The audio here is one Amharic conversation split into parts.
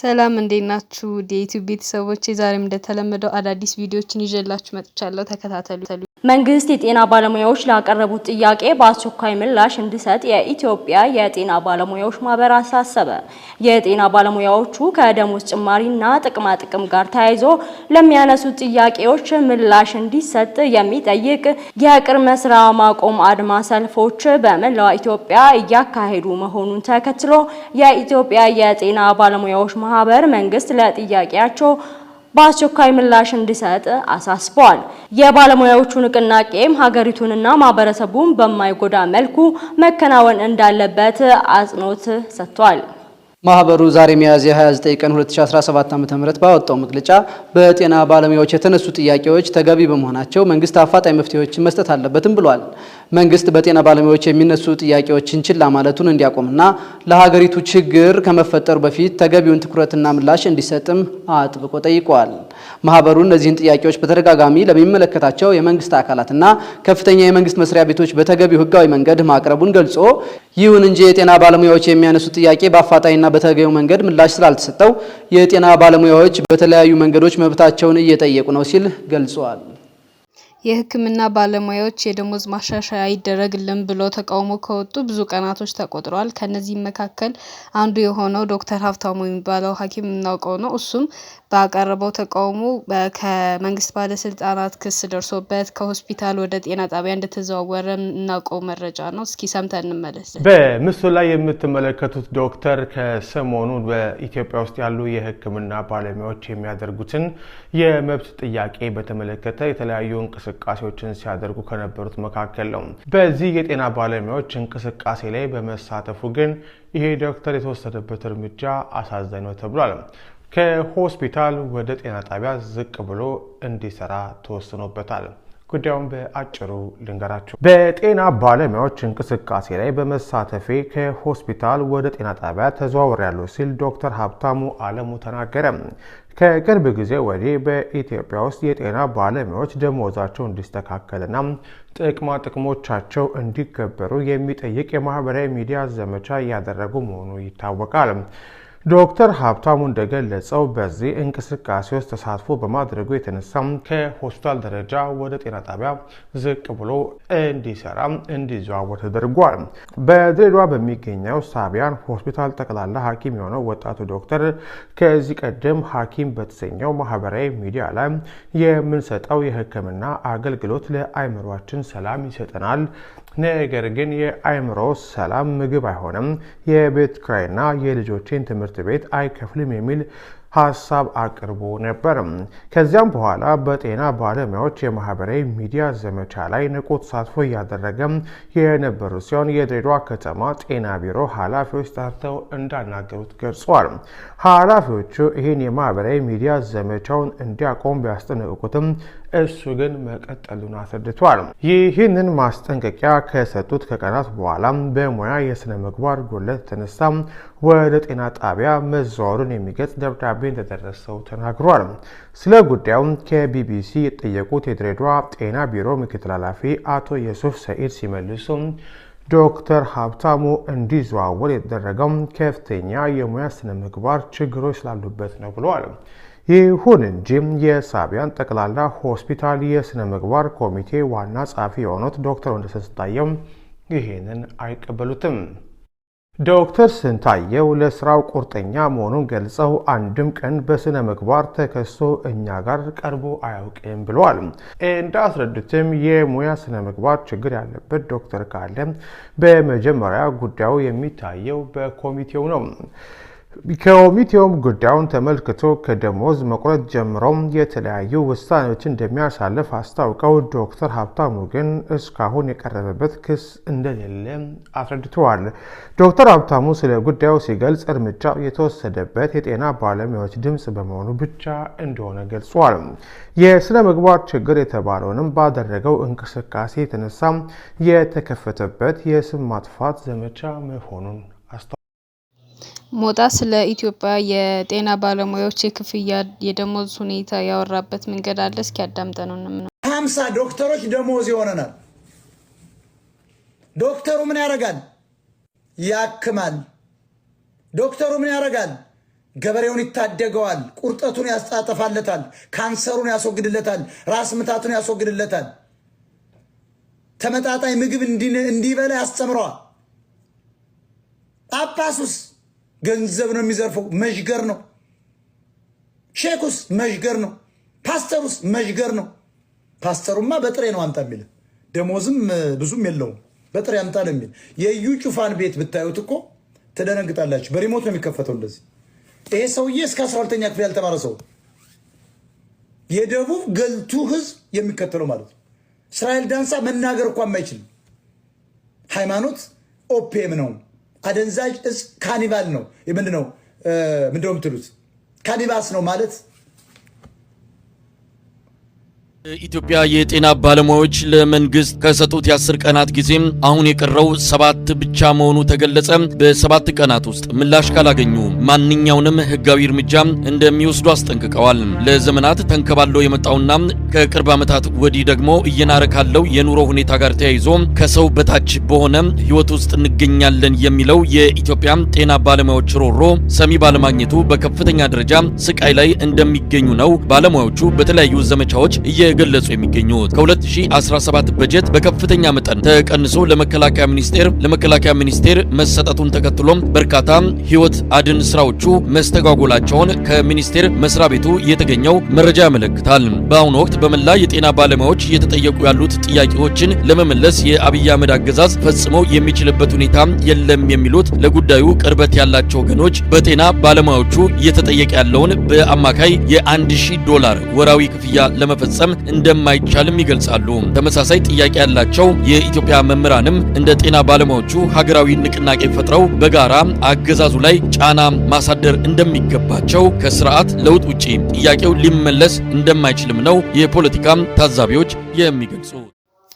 ሰላም እንዴት ናችሁ የዩቲዩብ ቤተሰቦቼ ዛሬም እንደተለመደው አዳዲስ ቪዲዮዎችን ይዤላችሁ መጥቻለሁ ተከታተሉ መንግስት የጤና ባለሙያዎች ላቀረቡት ጥያቄ በአስቸኳይ ምላሽ እንዲሰጥ የኢትዮጵያ የጤና ባለሙያዎች ማህበር አሳሰበ። የጤና ባለሙያዎቹ ከደሞዝ ጭማሪና ጥቅማጥቅም ጋር ተያይዞ ለሚያነሱት ጥያቄዎች ምላሽ እንዲሰጥ የሚጠይቅ የቅድመ ስራ ማቆም አድማ ሰልፎች በመላው ኢትዮጵያ እያካሄዱ መሆኑን ተከትሎ የኢትዮጵያ የጤና ባለሙያዎች ማህበር መንግስት ለጥያቄያቸው በአስቸኳይ ምላሽ እንዲሰጥ አሳስበዋል። የባለሙያዎቹ ንቅናቄም ሀገሪቱንና ማህበረሰቡን በማይጎዳ መልኩ መከናወን እንዳለበት አጽንኦት ሰጥቷል። ማህበሩ ዛሬ ሚያዝያ 29 ቀን 2017 ዓ.ም ባወጣው መግለጫ በጤና ባለሙያዎች የተነሱ ጥያቄዎች ተገቢ በመሆናቸው መንግስት አፋጣኝ መፍትሄዎችን መስጠት አለበትም ብሏል። መንግስት በጤና ባለሙያዎች የሚነሱ ጥያቄዎችን ችላ ማለቱን እንዲያቆምና ለሀገሪቱ ችግር ከመፈጠሩ በፊት ተገቢውን ትኩረትና ምላሽ እንዲሰጥም አጥብቆ ጠይቋል። ማህበሩ እነዚህን ጥያቄዎች በተደጋጋሚ ለሚመለከታቸው የመንግስት አካላትና ከፍተኛ የመንግስት መስሪያ ቤቶች በተገቢው ህጋዊ መንገድ ማቅረቡን ገልጾ ይሁን እንጂ የጤና ባለሙያዎች የሚያነሱት ጥያቄ በአፋጣኝና በተገቢው መንገድ ምላሽ ስላልተሰጠው የጤና ባለሙያዎች በተለያዩ መንገዶች መብታቸውን እየጠየቁ ነው ሲል ገልጿል። የሕክምና ባለሙያዎች የደሞዝ ማሻሻያ ይደረግልን ብለው ተቃውሞ ከወጡ ብዙ ቀናቶች ተቆጥረዋል። ከነዚህም መካከል አንዱ የሆነው ዶክተር ሀብታሙ የሚባለው ሐኪም የምናውቀው ነው። እሱም ባቀረበው ተቃውሞ ከመንግስት ባለስልጣናት ክስ ደርሶበት ከሆስፒታል ወደ ጤና ጣቢያ እንደተዘዋወረ እናውቀው መረጃ ነው። እስኪ ሰምተን እንመለስ። በምስሉ ላይ የምትመለከቱት ዶክተር ከሰሞኑ በኢትዮጵያ ውስጥ ያሉ የሕክምና ባለሙያዎች የሚያደርጉትን የመብት ጥያቄ በተመለከተ የተለያዩ እንቅስቃሴዎችን ሲያደርጉ ከነበሩት መካከል ነው። በዚህ የጤና ባለሙያዎች እንቅስቃሴ ላይ በመሳተፉ ግን ይሄ ዶክተር የተወሰደበት እርምጃ አሳዛኝ ነው ተብሏል። ከሆስፒታል ወደ ጤና ጣቢያ ዝቅ ብሎ እንዲሰራ ተወስኖበታል። ጉዳዩን በአጭሩ ልንገራችሁ። በጤና ባለሙያዎች እንቅስቃሴ ላይ በመሳተፌ ከሆስፒታል ወደ ጤና ጣቢያ ተዘዋውሬያለሁ ሲል ዶክተር ሀብታሙ አለሙ ተናገረ። ከቅርብ ጊዜ ወዲህ በኢትዮጵያ ውስጥ የጤና ባለሙያዎች ደሞዛቸው እንዲስተካከልና ጥቅማ ጥቅሞቻቸው እንዲከበሩ የሚጠይቅ የማህበራዊ ሚዲያ ዘመቻ እያደረጉ መሆኑ ይታወቃል። ዶክተር ሀብታሙ እንደገለጸው በዚህ እንቅስቃሴ ውስጥ ተሳትፎ በማድረጉ የተነሳ ከሆስፒታል ደረጃ ወደ ጤና ጣቢያ ዝቅ ብሎ እንዲሰራ እንዲዘዋወር ተደርጓል። በድሬዳዋ በሚገኘው ሳቢያን ሆስፒታል ጠቅላላ ሐኪም የሆነው ወጣቱ ዶክተር ከዚህ ቀደም ሐኪም በተሰኘው ማህበራዊ ሚዲያ ላይ የምንሰጠው የሕክምና አገልግሎት ለአይምሯችን ሰላም ይሰጠናል ነገር ግን የአእምሮ ሰላም ምግብ አይሆንም፣ የቤት ክራይና የልጆችን ትምህርት ቤት አይከፍልም የሚል ሀሳብ አቅርቦ ነበር። ከዚያም በኋላ በጤና ባለሙያዎች የማህበራዊ ሚዲያ ዘመቻ ላይ ንቁ ተሳትፎ እያደረገ የነበሩ ሲሆን የድሬዳዋ ከተማ ጤና ቢሮ ኃላፊዎች ጠርተው እንዳናገሩት ገልጿል። ኃላፊዎቹ ይህን የማህበራዊ ሚዲያ ዘመቻውን እንዲያቆም ቢያስጠነቅቁትም እሱ ግን መቀጠሉን አስረድቷል። ይህንን ማስጠንቀቂያ ከሰጡት ከቀናት በኋላ በሙያ የሥነ ምግባር ጉድለት የተነሳ ወደ ጤና ጣቢያ መዛወሩን የሚገልጽ ደብዳቤ እንደደረሰው ተናግሯል። ስለ ጉዳዩም ከቢቢሲ የጠየቁት የድሬዳዋ ጤና ቢሮ ምክትል ኃላፊ አቶ የሱፍ ሰኢድ ሲመልሱ ዶክተር ሀብታሙ እንዲዘዋወር የተደረገው ከፍተኛ የሙያ ስነ ምግባር ችግሮች ስላሉበት ነው ብለዋል። ይሁን እንጂ የሳቢያን ጠቅላላ ሆስፒታል የሥነ ምግባር ኮሚቴ ዋና ጸሐፊ የሆኑት ዶክተር ወንደሰን ስንታየው ይህንን አይቀበሉትም። ዶክተር ስንታየው ለስራው ቁርጠኛ መሆኑን ገልጸው አንድም ቀን በስነ ምግባር ተከሶ እኛ ጋር ቀርቦ አያውቅም ብለዋል። እንዳስረዱትም የሙያ ሥነ ምግባር ችግር ያለበት ዶክተር ካለ በመጀመሪያ ጉዳዩ የሚታየው በኮሚቴው ነው። ከኮሚቴውም ጉዳዩን ተመልክቶ ከደሞዝ መቁረጥ ጀምሮም የተለያዩ ውሳኔዎች እንደሚያሳልፍ አስታውቀው ዶክተር ሀብታሙ ግን እስካሁን የቀረበበት ክስ እንደሌለ አስረድተዋል። ዶክተር ሀብታሙ ስለ ጉዳዩ ሲገልጽ እርምጃው የተወሰደበት የጤና ባለሙያዎች ድምፅ በመሆኑ ብቻ እንደሆነ ገልጿል። የስነ ምግባር ችግር የተባለውንም ባደረገው እንቅስቃሴ የተነሳ የተከፈተበት የስም ማጥፋት ዘመቻ መሆኑን ሞጣ ስለ ኢትዮጵያ የጤና ባለሙያዎች የክፍያ የደሞዝ ሁኔታ ያወራበት መንገድ አለ። እስኪ ያዳምጠነው ነው። ሀምሳ ዶክተሮች ደሞዝ ይሆነናል። ዶክተሩ ምን ያደርጋል? ያክማል። ዶክተሩ ምን ያደርጋል? ገበሬውን ይታደገዋል። ቁርጠቱን ያስጣጠፋለታል። ካንሰሩን ያስወግድለታል። ራስ ምታቱን ያስወግድለታል። ተመጣጣኝ ምግብ እንዲበላ ያስተምረዋል። ጳጳሱስ ገንዘብ ነው የሚዘርፈው። መዥገር ነው። ሼኩስ መዥገር ነው። ፓስተሩስ መዥገር ነው። ፓስተሩማ በጥሬ ነው አምጣ የሚል ደሞዝም ብዙም የለውም። በጥሬ አምጣ ነው የሚል። የዩ ጩፋን ቤት ብታዩት እኮ ትደነግጣላችሁ። በሪሞት ነው የሚከፈተው እንደዚህ። ይሄ ሰውዬ እስከ አስራ ሁለተኛ ክፍል ያልተማረ ሰው የደቡብ ገልቱ ህዝብ የሚከተለው ማለት ነው። እስራኤል ዳንሳ መናገር እኳ የማይችል ሃይማኖት ኦፔም ነው። አደንዛዥ እጽ ካኒባል ነው። ምንድነው ምትሉት? ካኒባስ ነው ማለት ኢትዮጵያ የጤና ባለሙያዎች ለመንግስት ከሰጡት የአስር ቀናት ጊዜ አሁን የቀረው ሰባት ብቻ መሆኑ ተገለጸ። በሰባት ቀናት ውስጥ ምላሽ ካላገኙ ማንኛውንም ህጋዊ እርምጃ እንደሚወስዱ አስጠንቅቀዋል። ለዘመናት ተንከባሎ የመጣውና ከቅርብ ዓመታት ወዲህ ደግሞ እየናረ ካለው የኑሮ ሁኔታ ጋር ተያይዞ ከሰው በታች በሆነ ህይወት ውስጥ እንገኛለን የሚለው የኢትዮጵያ ጤና ባለሙያዎች ሮሮ ሰሚ ባለማግኘቱ በከፍተኛ ደረጃ ስቃይ ላይ እንደሚገኙ ነው ባለሙያዎቹ በተለያዩ ዘመቻዎች እየ እየገለጹ የሚገኙት። ከ2017 በጀት በከፍተኛ መጠን ተቀንሶ ለመከላከያ ሚኒስቴር ለመከላከያ ሚኒስቴር መሰጠቱን ተከትሎም በርካታ ህይወት አድን ስራዎቹ መስተጓጎላቸውን ከሚኒስቴር መስሪያ ቤቱ የተገኘው መረጃ ያመለክታል። በአሁኑ ወቅት በመላ የጤና ባለሙያዎች እየተጠየቁ ያሉት ጥያቄዎችን ለመመለስ የአብይ አህመድ አገዛዝ ፈጽመው የሚችልበት ሁኔታ የለም የሚሉት ለጉዳዩ ቅርበት ያላቸው ወገኖች በጤና ባለሙያዎቹ እየተጠየቀ ያለውን በአማካይ የ1000 ዶላር ወራዊ ክፍያ ለመፈጸም እንደማይቻልም ይገልጻሉ። ተመሳሳይ ጥያቄ ያላቸው የኢትዮጵያ መምህራንም እንደ ጤና ባለሙያዎቹ ሀገራዊ ንቅናቄ ፈጥረው በጋራ አገዛዙ ላይ ጫና ማሳደር እንደሚገባቸው ከስርዓት ለውጥ ውጪ ጥያቄው ሊመለስ እንደማይችልም ነው የፖለቲካ ታዛቢዎች የሚገልጹ።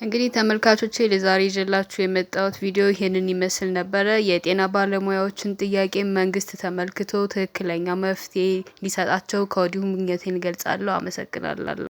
እንግዲህ ተመልካቾቼ ለዛሬ ይዤላችሁ የመጣሁት ቪዲዮ ይህንን ይመስል ነበረ። የጤና ባለሙያዎችን ጥያቄ መንግስት ተመልክቶ ትክክለኛ መፍትሄ ሊሰጣቸው ከወዲሁ ምኞቴን እገልጻለሁ። አመሰግናለሁ።